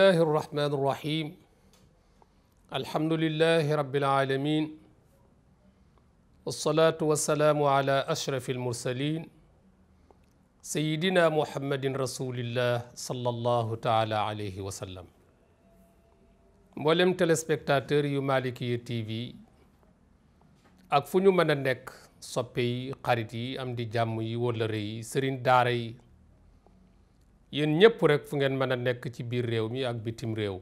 الله الرحمن الرحيم الحمد لله رب العالمين والصلاة والسلام على أشرف المرسلين سيدنا محمد رسول الله صلى الله تعالى عليه وسلم مولم تلسبكتاتر yu Malikiya TV ak fu ñu mën a nekk soppe yi xarit yi am di jàmm Yen ñepp rek fu ngeen mëna nekk ci biir réew mi ak bitim réew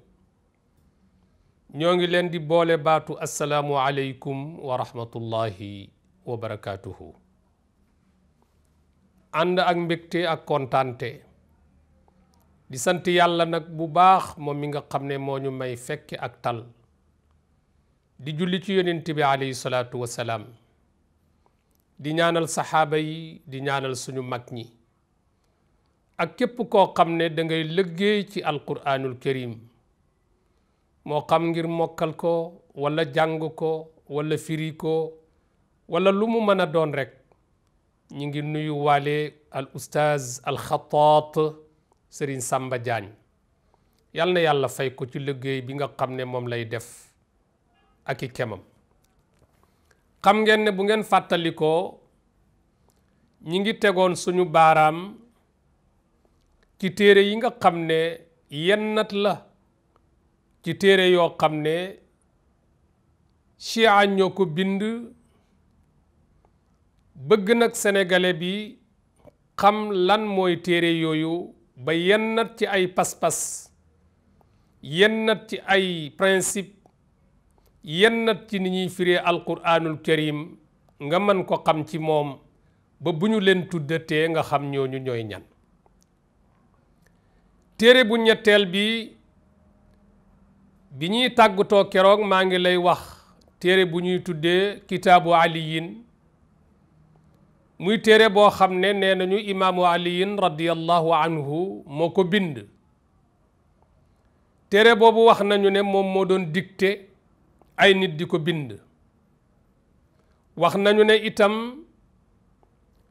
ñoo ngi leen di boole baatu Assalamu alaykum wa rahmatullahi wa barakaatuhu ànd ak mbégte ak kontante di sant yàlla nak bu baax moom mi nga xam ne moo ñu may fekk ak tal di julli ci yonent bi alayhi salaatu wa di ñaanal saxaaba yi di ñaanal suñu mag ñi ak képp koo xam ne dangay léggéey ci ci alquraanul karim moo xam ngir mokkal ko walla jàng ko wala firi ko wala lu mu mën a doon rekk ñu ngi nuyu waale al ustaaz al xataat Serigne Samba Diagne yal na yàlla fay ko ci liggéey bi nga xam ne moom lay def ak i kemam xam ngeen ne bu ngeen fàttalikoo ñi ngi tegoon suñu baaraam ci téere yi nga xam ne yennat la ci téere yoo xam ne chia ñoo ko bind bëgg nag senegale bi xam lan mooy téere yooyu ba yennat ci ay pas-pas yennat ci ay principe yennat ci ni ñuy firee alquraanul karim nga mën ko xam ci moom ba bu ñu leen tuddatee nga xam ñooñu ñooy ñan téere bu ñetteel bi bi ñuy tàggatoo keroog maa ngi lay wax téere bu ñuy tuddee kitaabu aliyin muy téere boo xam ne nee nañu imaamu aliyin radiyallahu anhu moo ko bind téere boobu wax nañu ne moom moo doon dicté ay nit di ko bind wax nañu ne itam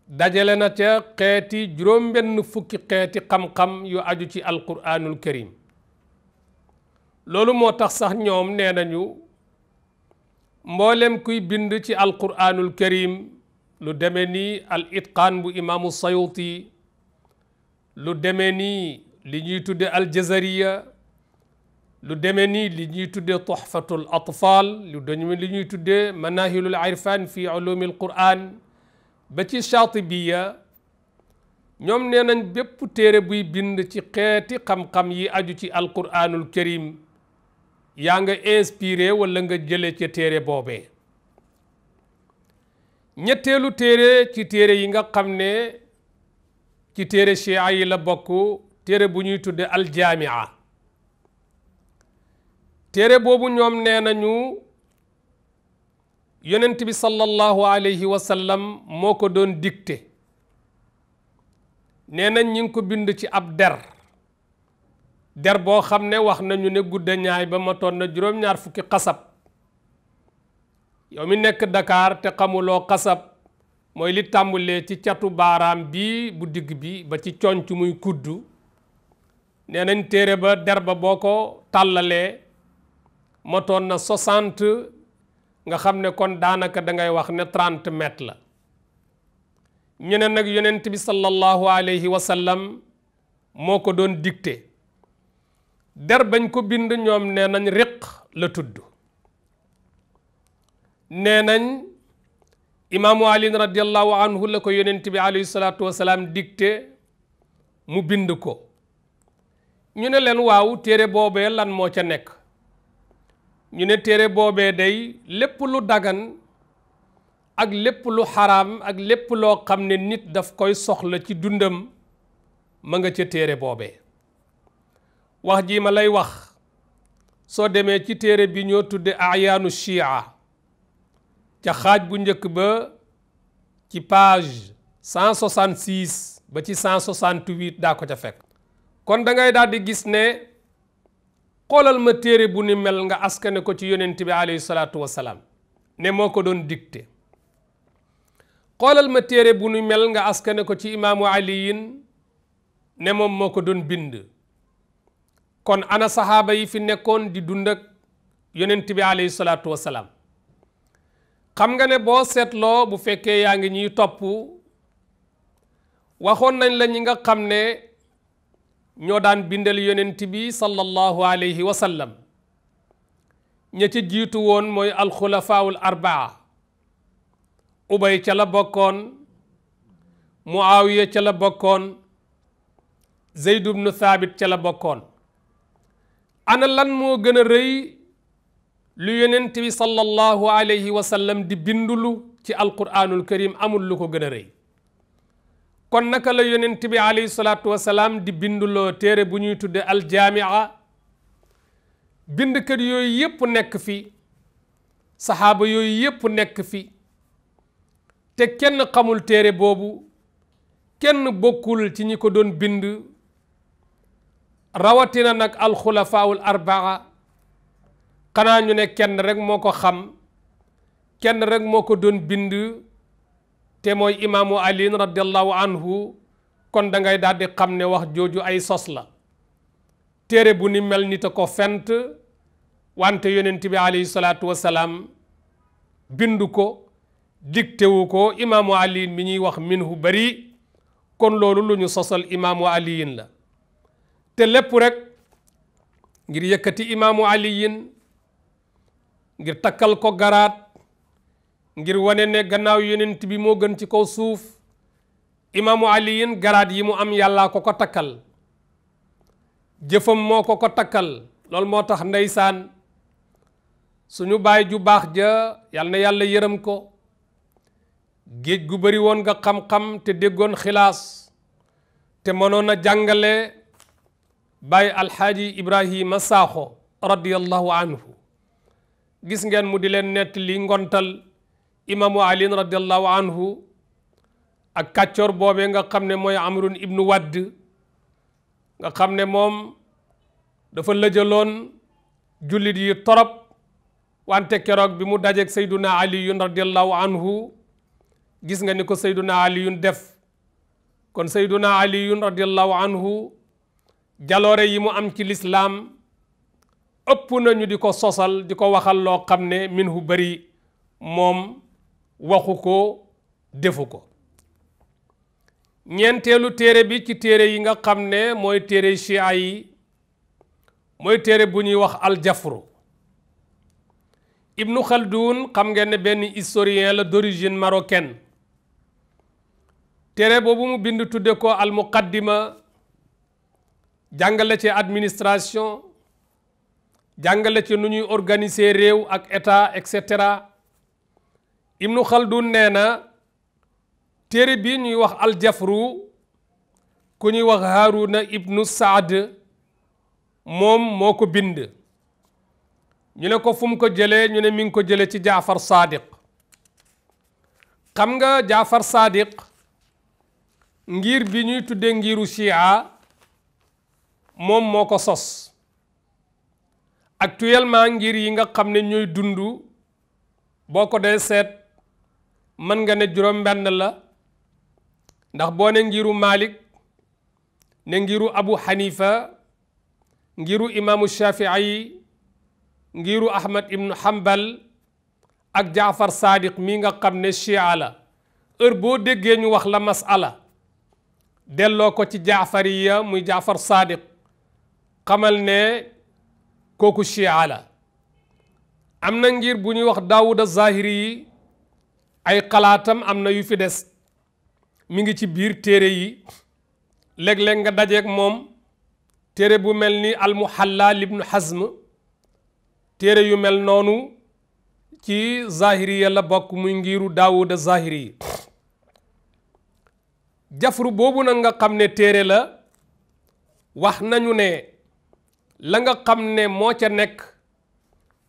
dajale na ca xeeti juróom-benn fukki xeeti xam-xam yu aju ci alquraanul karim loolu moo tax sax ñoom nee nañu mboolem kuy bind ci alquraanul karim lu demee nii al itqaan bu imaamu sayuti lu demee nii li ñuy tudde aljazariya lu demee nii li ñuy tudde tuhfatul atfal lu demee li ñuy tudde manahilul irfan fi ulumi alquran ba ci Shaatibiya ñoom nee nañ bépp téere buy bind ci xeeti xam-xam yi aju ci alquraanul karim yaa nga inspiré walla nga jële ca téere boobe ñetteelu téere ci téere yi nga xam ne ci téere chia yi la bokk téere bu ñuy tudde aljaamia téere boobu ñoom nee nañu yonent bi sallallahu alayhi wa sallam moo ko doon dicté nee nañ ñi ngi ko bind ci ab der der boo xam ne wax nañu ne gudda ñaay ba ma toon na juróom-ñaar fukki xasab yow mi nekk dakaar te xamuloo xasab mooy li tàmbulee ci catu baaraam bii bu digg bi ba ci conc muy kuddu nee nañ téere ba der ba boo ko tàllalee motoon na soixante nga xam ne kon daanaka dangay wax ne trente mètres la ñu ne nag yonent bi sallallahu alayhi wa sallam moo ko doon dicté der bañ ko bind ñoom nee nañ riq la tudd nee nañ imaamu Ali radiallahu anhu la ko yonent bi alayhi salaatu wasalaam dicté mu bind ko ñu ne leen waaw téere boobee lan moo ca nekk ñu ne téere boobee day lépp lu dagan ak lépp lu xaram ak lépp loo xam ne nit daf koy soxla ci dundam ma nga ca téere boobee wax ji ma lay wax soo demee ci téere bi ñoo tudde ayaanu chia ca xaaj bu njëkk ba ci page 166 ba ci 168 daa ko ca fekk kon da ngay gis ne xoolal ma téere bu nu mel nga askane ko ci yonent bi alayhi salaatu wasalaam ne moo ko doon dicté xoolal ma téere bu nu mel nga askane ko ci imaamu aliyin ne moom moo ko doon bind kon ana saxaaba yi fi nekkoon di dundak ak yonent bi alayhi salaatu wasalaam xam nga ne boo seetloo bu fekkee yaa ngi ñuy topp waxoon nañ la ñi nga xam ne ñoo daan bindal yonent bi sallallahu alayhi wa sallam ña ca jiitu woon mooy alxulafaawul arbaa ubay ca la bokkoon muawiya ca la bokkoon zeyd ibnu thaabit ca la bokkoon ana lan moo gën a lu yonent bi sallallahu alayhi wa sallam di bindulu ci alquraanul karim amul lu ko gën a kon naka la yonent bi alayhi salaatu wasalaam di binduloo téere bu ñuy tudde aljaamia bindkat yooyu yépp nekk fi saxaaba yooyu yépp nekk fi te kenn xamul téere boobu kenn bokkul ci ñi ko doon bind rawatina nag alxulafaawul arbaa xanaa ñu ne kenn rek moo ko xam kenn rek moo ko doon bind te mooy imaamu aliin radiallahu anhu kon dangay ngay xam ne wax jooju ay sos la téere bu ni mel nit a ko fent wante yonent bi alayhi salaatu wasalaam bindu ko diktewu ko imaamu aliin mi ñuy wax min minhu bari kon loolu lu ñu sosal imaamu aliin la te lépp rekk ngir yëkkati imaamu aliin ngir takkal ko garaat ngir wone ne gannaaw yonent bi mo gën ci kaw suuf ali yin garaat yi mu am yalla ko ko takal jëfam moko ko takal lol motax ndaysan suñu bay ju bax ja yalla na yalla yeeram ko geej gu bari won nga xam-xam te deggon khilas te monona jangale bay al haji ibrahim saxo radiyallahu anhu gis ngeen mu di len net li ngontal imaamu alin radiallahu anhu ak kàccoor boobe nga xam ne mooy amrun ibnu wadd nga xam ne moom dafa lëjaloon jullit yi torop wante keroog bi mu dajeeg sayduna aliyun radiallahu anhu gis nga ni ko sayduna aliyun def kon sayduna aliyun radiallahu anhu jaloore yi mu am ci lislaam ëpp nañu di ko sosal di ko waxal loo xam ne minhu bari moom waxu ko defu ko ñeenteelu téere bi ci téere yi nga xam ne mooy téere chia yi mooy téere bu ñuy wax aljafru ibnu Khaldun xam nga ne benn historien la d'origine marocaine téere boobu mu bind tudde ko al muqaddima jàngale ci administration jàngale ci nu ñuy organiser réew ak état et cetera ibnu xaldun nee na téere bi ñuy wax aljafru ku ñuy wax haaruna ibnu saad moom moo ko bind ñu ne ko fum ko jëlee ñu ne mi ngi ko jëlee ci jaafar saadiq xam nga jaafar saadiq ngir bi ñuy tuddee ngiru chia moom moo ko sos actuellement ngir yi nga xam ne ñuy dund boo ko dee seet mën nga ne juróom-benn la ndax boo ne ngiru Malik ne ngiru Abu Hanifa ngiru imaamu Shafii ngiru Ahmad ibnu Hanbal ak Jaafar Sadiq mi nga xam ne chia la heure boo déggee ñu wax la masala delloo ko ci jaafariya muy Jaafar Sadiq xamal ne kooku chia la am na ngir bu ñuy wax Daawuda Zahiri yi ay xalaatam am na yu fi des mi ngi ci biir téere yi léeg-léeg nga dajeek moom téere bu mel ni almuhalla libnu hazm téere yu mel noonu ci zahiriya la bokk muy ngiru daawuda zahiri yi jafru boobu nag nga xam ne téere la wax nañu ne la nga xam ne moo ca nekk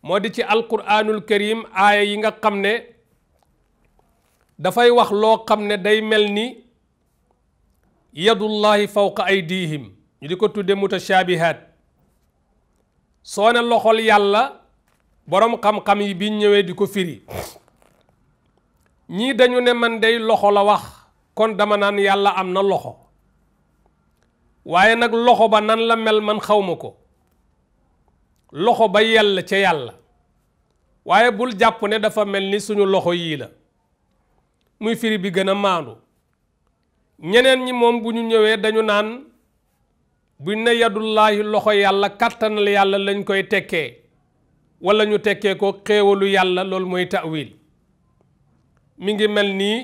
moo di ci alquranul karim aaya yi nga xam ne dafay wax loo xam ne day mel ni yadullahi fawqa aydihim ñu di ko tudde mutashaabihaat soo ne loxol yàlla boroom xam-xam yi biñ ñëwee di ko firi ñii dañu ne man day loxo la wax kon dama naan yàlla am na loxo waaye nag loxo ba nan la mel man xawma ko loxo ba yàlla ca yàlla waaye bul jàpp ne dafa mel ni suñu loxo yii la muy firi bi gën a maandu ñeneen ñi moom bu ñu ñëwee dañu naan buñ ne yadullaahi loxo yàlla kàttanal yàlla lañ koy tekkee wala ñu tekkee ko xéewalu yàlla loolu mooy ta'wil mi ngi mel nii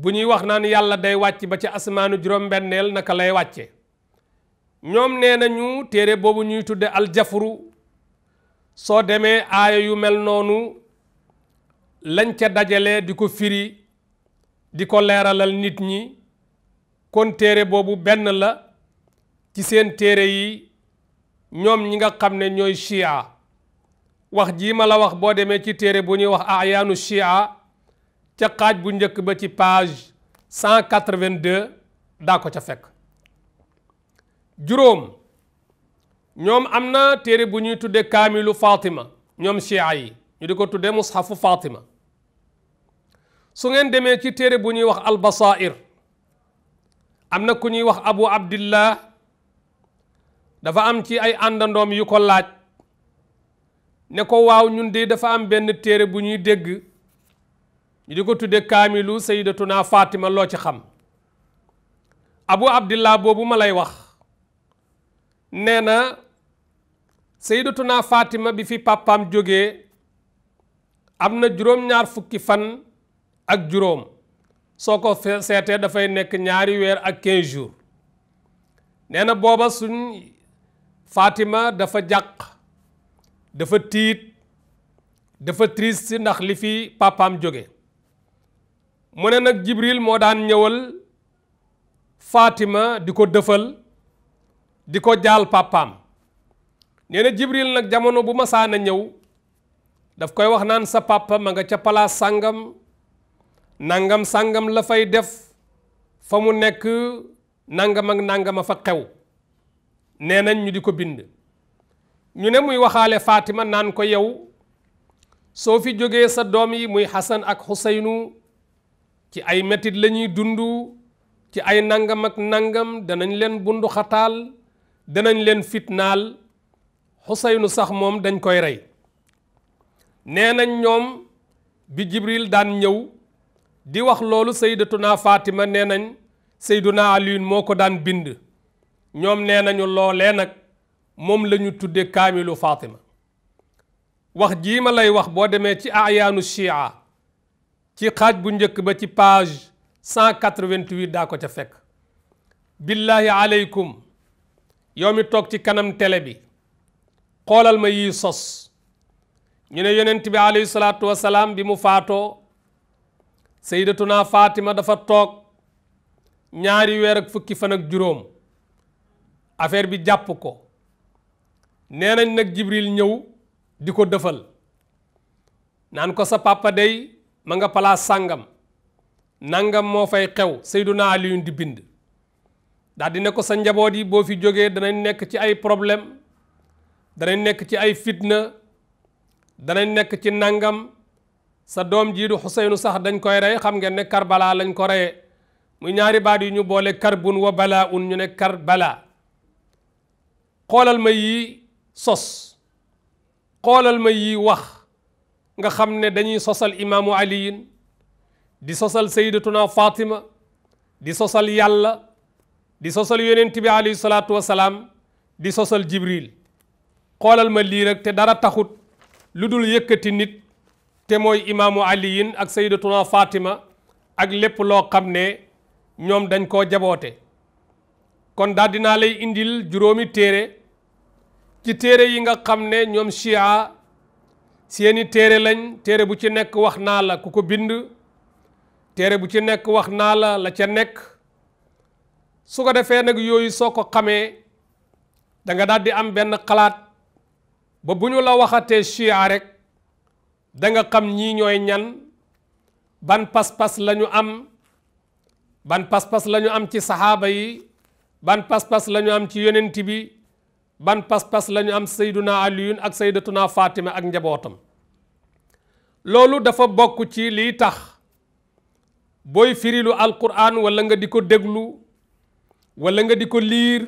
bu ñuy wax naan yàlla day wàcc ba ci asmaanu juróom-benneel naka lay wàcce ñoom nee nañu téere boobu ñuy tudde aljafru soo demee aaya yu mel noonu lañ ca dajale di ko firi di ko leeralal nit ñi kon téere boobu benn la ci seen téere yi ñoom ñi nga xam ne ñooy chia wax jii ma la wax boo demee ci téere bu ñuy wax ayaanu chia ca xaaj bu njëkk ba ci page 182 daa ko ca fekk juróom ñoom am na téere bu ñuy tudde kaamilu Fatima ñoom chia yi ñu di ko tudde mushafu Fatima su ngeen demee ci téere bu ñuy wax albasair am na ku ñuy wax abu abdillah dafa am ci ay àndandoom yu ko laaj ne ko waaw ñun de dafa am benn téere bu ñuy dégg ñu di ko tudde kaamilu sayyidatuna fatima loo ci xam abu abdillah boobu ma lay wax nee na sayyidatuna faatima bi fi pàppaam jóge am na juróom-ñaar fukki fan ak juróom soo ko seetee dafay nekk ñaari weer ak quinze jours nee na booba suñ Fatima dafa jàq dafa tiit dafa triste ndax li fi papaam jóge mu ne nag Jibril moo daan ñëwal Fatima di ko dëfal di ko jaal pàppam nee na Jibril nag jamono bu ma saana ñëw daf koy wax naan sa papa ma nga ca palaas sàngam nangam sàngam la fay def fa mu nekk nangam ak nangam a fa xew nee nañ ñu di ko bind ñu ne muy waxaale Fatima naan ko yow soo fi jógee sa doom yi muy Xasan ak Xuseynu ci ay metit lañuy ñuy dund ci ay nangam ak nangam danañ leen bunduxataal xataal leen fitnaal Xuseynu sax moom dañ koy rey nee nañ ñoom bi Jibril daan ñëw di wax loolu sayyidatuna Fatima nee nañ naa Aliyun moo ko daan bind ñoom nee nañu loolee nag moom lañu ñu tudde kaamilu Fatima wax jii ma lay wax boo demee ci ayaanu shia ci xaaj bu njëkk ba ci page 188 daa ko ca fekk billaahi aleykum yow mi toog ci kanam télé bi xoolal ma yii sos ñu ne yonent bi aleyhi wasalaam bi mu faatoo sayyidatuna faatima dafa toog ñaari weer ak fukki fan ak juróom affaire bi jàpp ko nee nañ nag Jibril ñëw di ko dëfal naan ko sa papa day ma nga palaas sàngam nangam moo fay xew naa aliyun di bind daal di ne ko sa njaboot yi boo fi jógee danañ nekk ci ay problème danañ nekk ci ay fitna danañ nekk ci nangam sa doom jii du xuseynu sax dañ koy rey xam ngeen ne karbala lañ ko reyee muy ñaari baat yu ñu boole karbun wa balaa un ñu ne balaa xoolal ma yii sos xoolal ma yii wax nga xam ne dañuy sosal imaamu aliyin di sosal sayyidatuna fatima di sosal yàlla di sosal yonent bi alayhi salaatu wasalaam di sosal jibril xoolal ma lii rek te dara taxut lu dul yëkkati nit te mooy imaamu aliyin ak sayyidatuna faatima ak lépp loo xam ne ñoom dañ koo jaboote kon daldi naa lay indil juróomi téere ci téere yi nga xam ne ñoom chia seeni téere lañ téere bu ci nekk wax naa la ku ko bind téere bu ci nekk wax naa la la ca nekk su ko defee nag yooyu soo ko xamee danga nga di am benn xalaat ba bu ñu la waxatee chia rek danga xam ñii ñooy ñan ban pas-pas lañu am ban pas-pas lañu am ci saxaaba yi ban pas-pas lañu am ci yonent bi ban pas-pas lañu am sayduna aliyun ak saydatuna faatime ak njabootam loolu dafa bokk ci liy tax booy firilu alquran wala nga di ko déglu wala nga di ko liir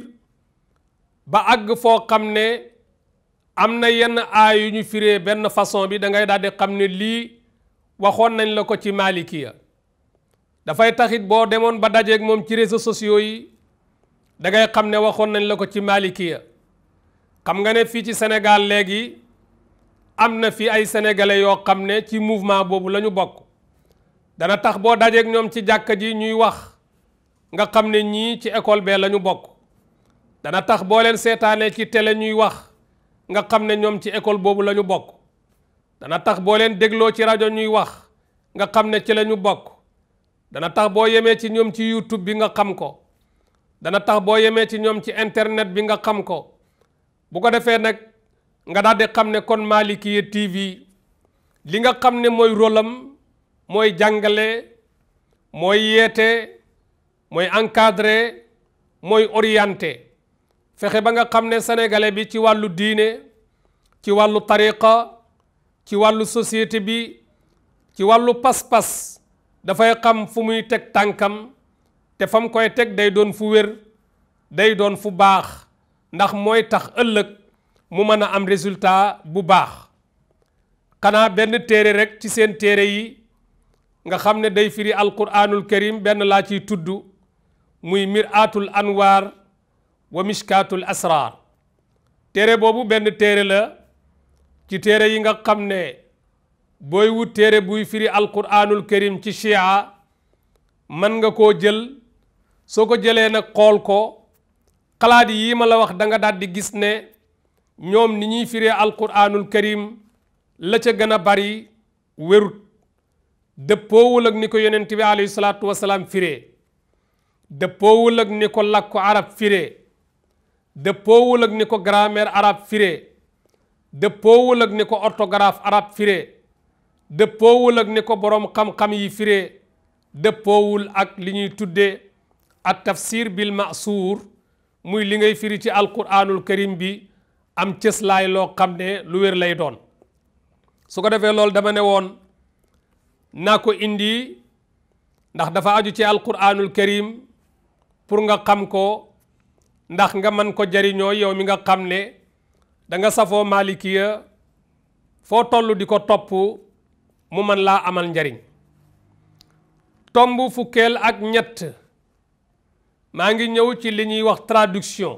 ba àgg foo xam ne am na yenn aay yu ñu firee benn façon bi da ngay daal xam ne lii waxoon nañ la ko ci maalikiya dafay taxit boo demoon ba dajeeg moom ci réseaux sociaux yi dangay xam ne waxoon nañ la ko ci maalikiya xam nga ne fii ci senegal léegi am na fi ay sénégalais yoo xam ne ci mouvement boobu la ñu bokk dana tax boo dajeeg ñoom ci jàkka ji ñuy wax nga xam ne ñii ci école bee la ñu bokk dana tax boo leen seetaanee ci télé ñuy wax nga xam ne ñoom ci école boobu la ñu bokk dana tax boo leen dégloo ci rajo ñuy wax nga xam ne ci la ñu bokk dana tax boo yemee ci ñoom ci YouTube bi nga xam ko dana tax boo yemee ci ñoom ci internet bi nga xam ko bu ko defee nag nga daal di xam ne kon Malikiya TV li nga xam ne mooy rôle mooy jàngale mooy yeete mooy encadré mooy orienté fexe ba nga xam ne sénégalais bi ci wàllu diine ci wàllu tariqa ci wàllu société bi ci wàllu pas-pas dafay xam fu muy teg tànkam te fam koy teg day doon fu wér day doon fu baax ndax mooy tax ëllëg mu mën a am résultat bu baax xanaa benn téere rek ci seen téere yi nga xam ne day firi alquranul karim benn laa ciy tudd muy miraatul anwaar wa mishkaatul asraar téere boobu benn téere la ci téere yi nga xam ne booy wut téere buy firi alquraanul karim ci chia man nga ko jël soo ko jëlee nag xool ko xalaat yii ma la wax danga nga daal di gis ne ñoom ni ñuy firee alquraanul karim la ca gën a bari wérut dëppoowul ak ni ko yonent bi alayhi salaatu wasalaam firee dëppoowul ak ni ko làkku arab firee dëppoowul ak ni ko grammaire arabe firee dëppoowul ak ni ko orthographe arabe firee dëppoowul ak ni ko boroom xam-xam yi fire dëppoowul ak li ñuy tuddee ak tafsir bil masuur muy li ngay firi ci alquranul karim bi am cëslaay loo xam ne lu wér lay doon su ko defee loolu dama ne woon naa ko indi ndax dafa aju ci alquranul karim pour nga xam ko ndax nga man ko jariño yow mi nga xamne da nga safo malikiya fo tollu di ko mu man la amal njariñ tombu fukel ak ñett ma ngi ñew ci li ñuy wax traduction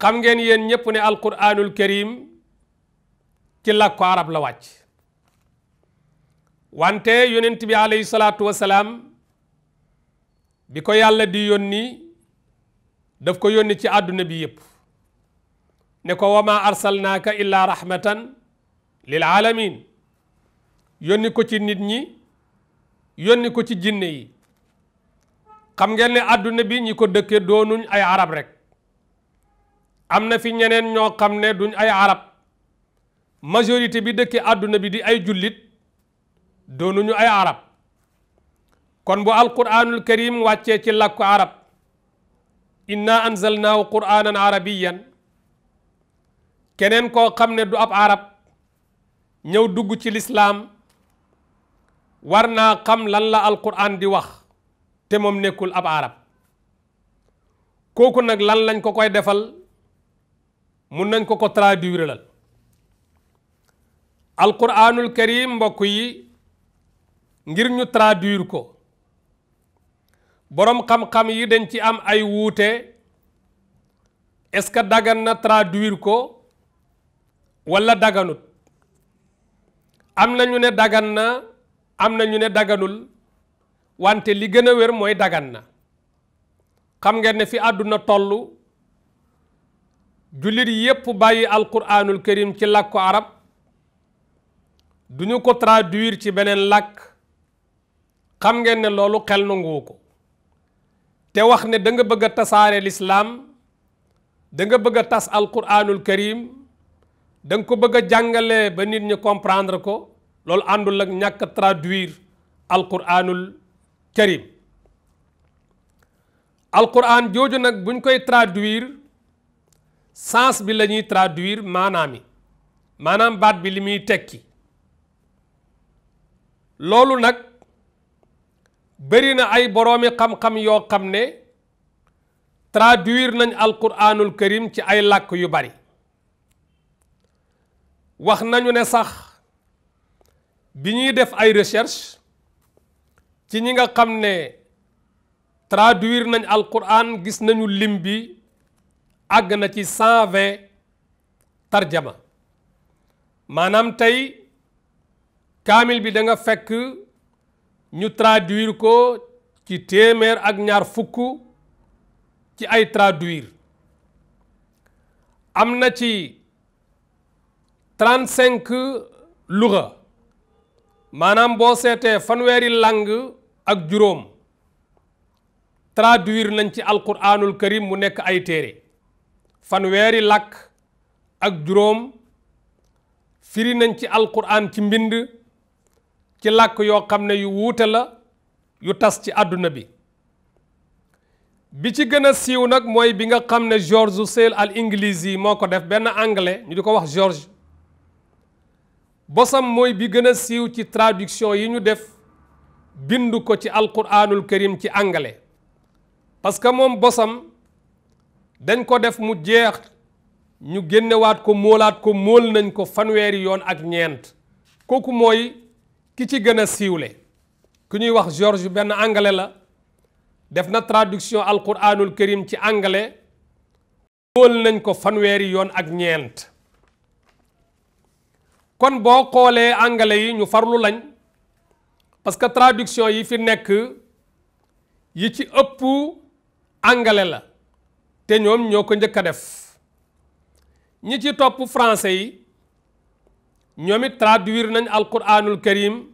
xam ngeen yeen ñepp ne alquranul karim ci ko arab la wacc wante yonent bi alayhi salatu wassalam bi ko di yonni daf ko yónni ci àdduna bi yépp ne ko wa maa arsalnaaka illaa rahmatan lil alamin yónni ko ci nit ñi yónni ko ci jinne yi xam ngeen ne àdduna bi ñi ko dëkke doonuñ ay arab rek am na fi ñeneen ñoo xam ne duñ ay arab majorité bi dëkke àdduna bi di ay jullit doonuñu ay arab kon bu alquranul karim wàccee ci làkku arab inna anzalnaahu quraanan arabiyan keneen koo xam ne du ab arab ñëw dugg ci lislaam war naa xam lan la alquran di wax te moom nekkul ab arab kooku nag lan lañ ko koy defal mun nañ ko ko traduire lal alquranul karim mbokk yi ngir ñu traduire ko boroom xam-xam yi dañ ci am ay wuute est-ce que dagan na traduire ko walla daganut am na ñu ne daggana am na ñu ne daganul wante li gën a wér mooy dagan na xam ngeen ne fi àdduna tollu jullit yépp bàyyi alquraanul karim ci làkku arab duñu ko traduire ci beneen làkk xam ngeen ne loolu xel nanguwu ko te wax ne da nga bëgg a l'islam da nga bëgg tas alquranul karim da nga ko bëgg a jàngale ba nit ñi comprendre ko loolu àndul ak ñàkk traduire alquranul karim alquran jooju nag buñ koy traduire sens bi la ñuy traduire maanaam yi maanaam baat bi li tekki loolu nag bari na ay boromi xam-xam yo xamne ne traduire nañ alquranul karim ci ay lak yu bari wax nañu ne sax biñuy def ay recherche ci ñi nga xamne ne traduire nañ alquran gis nañu lim bi àgg na ci 120 vingt tarjama manam tey kamil bi da nga fekk ñu traduire ko ci téeméer ak ñaar fukk ci ay traduir am na ci trente cinq luga maanaam boo seetee fanweeri lang ak juróom traduire nañ ci alquranul karim mu nekk ay téere fanweeri làkk ak juróom firi nañ ci alquran ci mbind ci làkk yoo xam ne yu wuute la yu tas ci àdduna bi bi ci gën a siiw nag mooy bi nga xam ne George Sale al Ingilizi yi moo ko def benn anglais ñu di ko wax George bosam mooy bi gën a siiw ci tradition yi ñu def bind ko ci alquranul karim ci anglais parce que moom bosam dañ ko def mu jeex ñu génnewaat ko moolaat ko mool nañ ko fanweeri yoon ak ñeent kooku mooy ki ci gën a siiwle ku ñuy wax George benn anglais la def na traduction alquranul karim ci anglais wóol nañ ko fanweeri yoon ak ñeent kon boo xoolee anglais yi ñu farlu lañ parce que traduction yi fi nekk yi ci ëpp anglais la te ñoom ñoo ko njëkk a def ñi ci topp français yi ñomi traduire nañ alquranul karim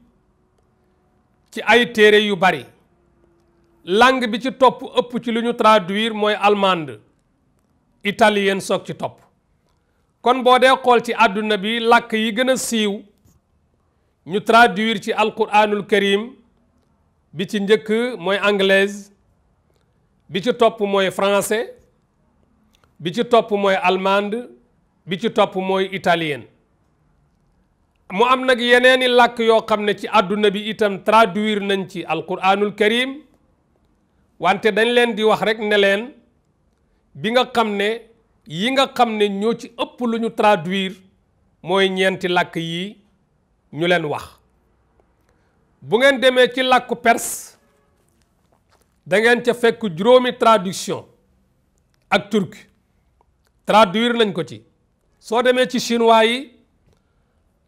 ci ay téré yu bari langue bi ci top ëpp ci luñu traduire moy allemande italienne sok ci top kon bo dé xol ci aduna bi lak yi gëna siiw ñu traduire ci alquranul karim bi ci ñëk moy anglaise bi ci top moy français bi ci top moy allemande bi ci top moy italienne mu am nag yeneeni làkk yoo xam ne ci àdduna bi itam traduir nañ ci alquranul karim wante dañ leen di wax rek ne leen bi nga xam ne yi nga xam ne ñoo ci ëpp lu traduir mooy ñeenti làkk yi ñu leen wax bu ngeen demee ci làkku perse da ngeen ca fekk juróomi traduction ak turc traduire nañ ko ci soo demee ci chinois yi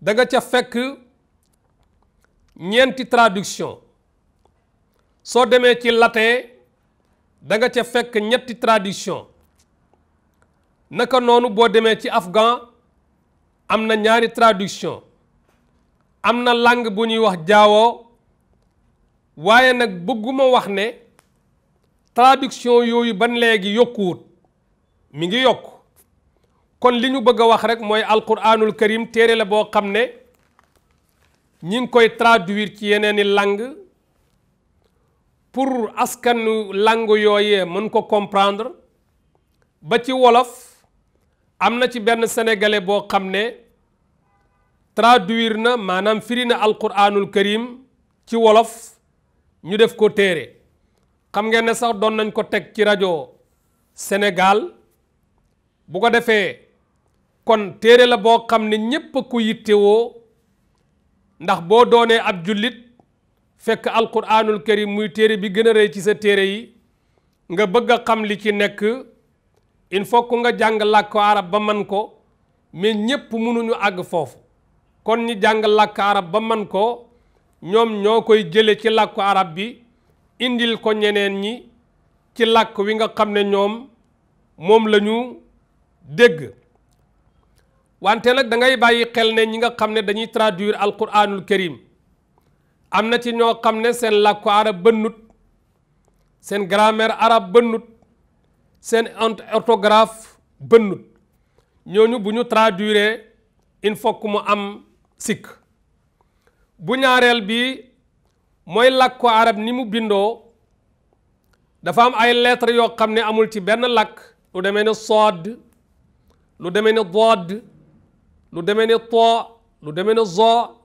da nga ca fekk ñeenti traduction soo demee ci latin da nga ca fekk ñetti traduction naka noonu boo demee ci afghan am na ñaari traduction am na langue bu ñuy wax jaawoo waaye nag bëgguma wax ne traduction yooyu ba léegi yokkuwut mi ngi yokk kon li ñu bëgg a wax rek mooy alquranul karim téere la boo xam ne ñi ngi koy traduire ci yeneeni langue pour askanu langue yooyee mën ko comprendre ba ci wolof am na ci benn sénégalais boo xam ne traduire na maanaam firi na alquranul karim ci wolof ñu def ko téere xam ngeen ne sax doon nañ ko teg ci rajo Sénégal bu ko defee kon téere la boo xam ne ñépp a ko yittewoo ndax boo doonee ab jullit fekk alquraanul karim muy téere bi gën a rëy ci sa téere yi nga bëgg a xam li ci nekk il faut que nga jàng làkk arab ba man ko mais ñépp mënuñu àgg foofu kon ñi jàng làkk arab ba man ko ñoom ñoo koy jële ci làkku arab bi indil ko ñeneen ñi ci làkk wi nga xam ne ñoom moom la ñu dégg wante nag da ngay bàyyi xel ne ñi nga xam ne dañuy traduire alquranul karim am na ci ñoo xam ne seen làkku arab bënnut seen grammaire arab bënnut seen orthographe bënnut ñooñu bu ñu traduire il faut mu am sikk bu ñaareel bi mooy làkku arab ni mu bindoo dafa am ay lettres yoo xam ne amul ci benn làkk lu demee ne sood lu demee ne dood lu demee ni too lu demee ni zoo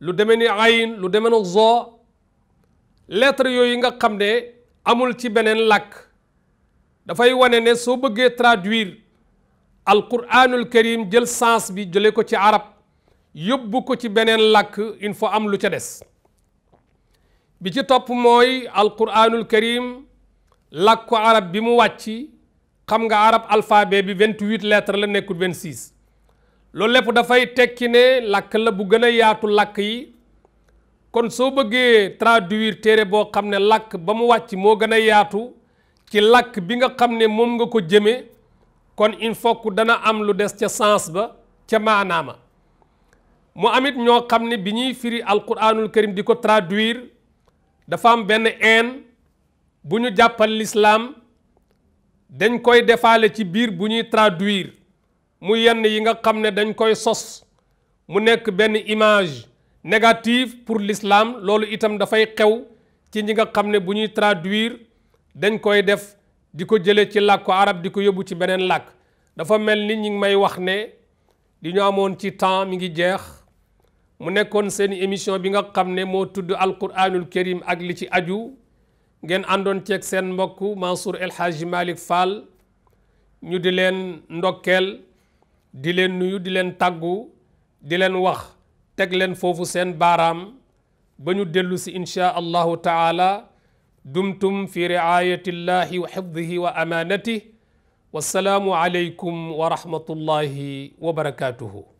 lu demee ni ayin lu demee ni zoo lettre yooyu nga xam ne amul ci beneen làkk dafay wane ne soo bëggee traduire alquranul karim jël sens bi jële ko ci arab yóbbu ko ci beneen làkk il faut am lu ca des bi ci topp mooy alquranul karim làkku arab bi mu wàcc xam nga arab alphabet bi 28 lettres la nekkul 26 loolu lépp dafay tekki ne làkk la bu gën a yaatu làkk yi kon soo bëggee traduir téere boo xam ne làkk ba mu wàcc moo gën a yaatu ci làkk bi nga xam ne moom nga ko jëmee kon il faut que dana am lu des ca sens ba ca maanaama mu amit ñoo xam ne bi ñuy firi alquranul karim di ko traduir dafa am benn een bu ñu jàppal lislaam dañ koy defaale ci biir bu ñuy traduir mu yenn yi nga xamne dañ koy sos mu nek ben image négative pour l'islam lolu itam dafay xew ci ñi nga xamne bu ñuy traduire dañ koy def di ko ci làkku arab di ko yóbbu ci beneen làkk dafa mel ni ñi ngi may wax ne di ñu amone ci temps mi ngi jeex mu nekkoon seen émission bi nga xamne mo tudd alquranul karim ak li ci aju ngeen ci ak seen mbokk Mansour El Hadji malik Fall ñu di leen ndokkel di leen nuyu di leen tàggu di leen wax teg leen foofu seen baaraam ba ñu dellu si inchaa allahu taala dumtum fi riayati llahi wa xifdihi wa amaanatih wassalaamu aleykum wa rahmatullahi wa barakatuhu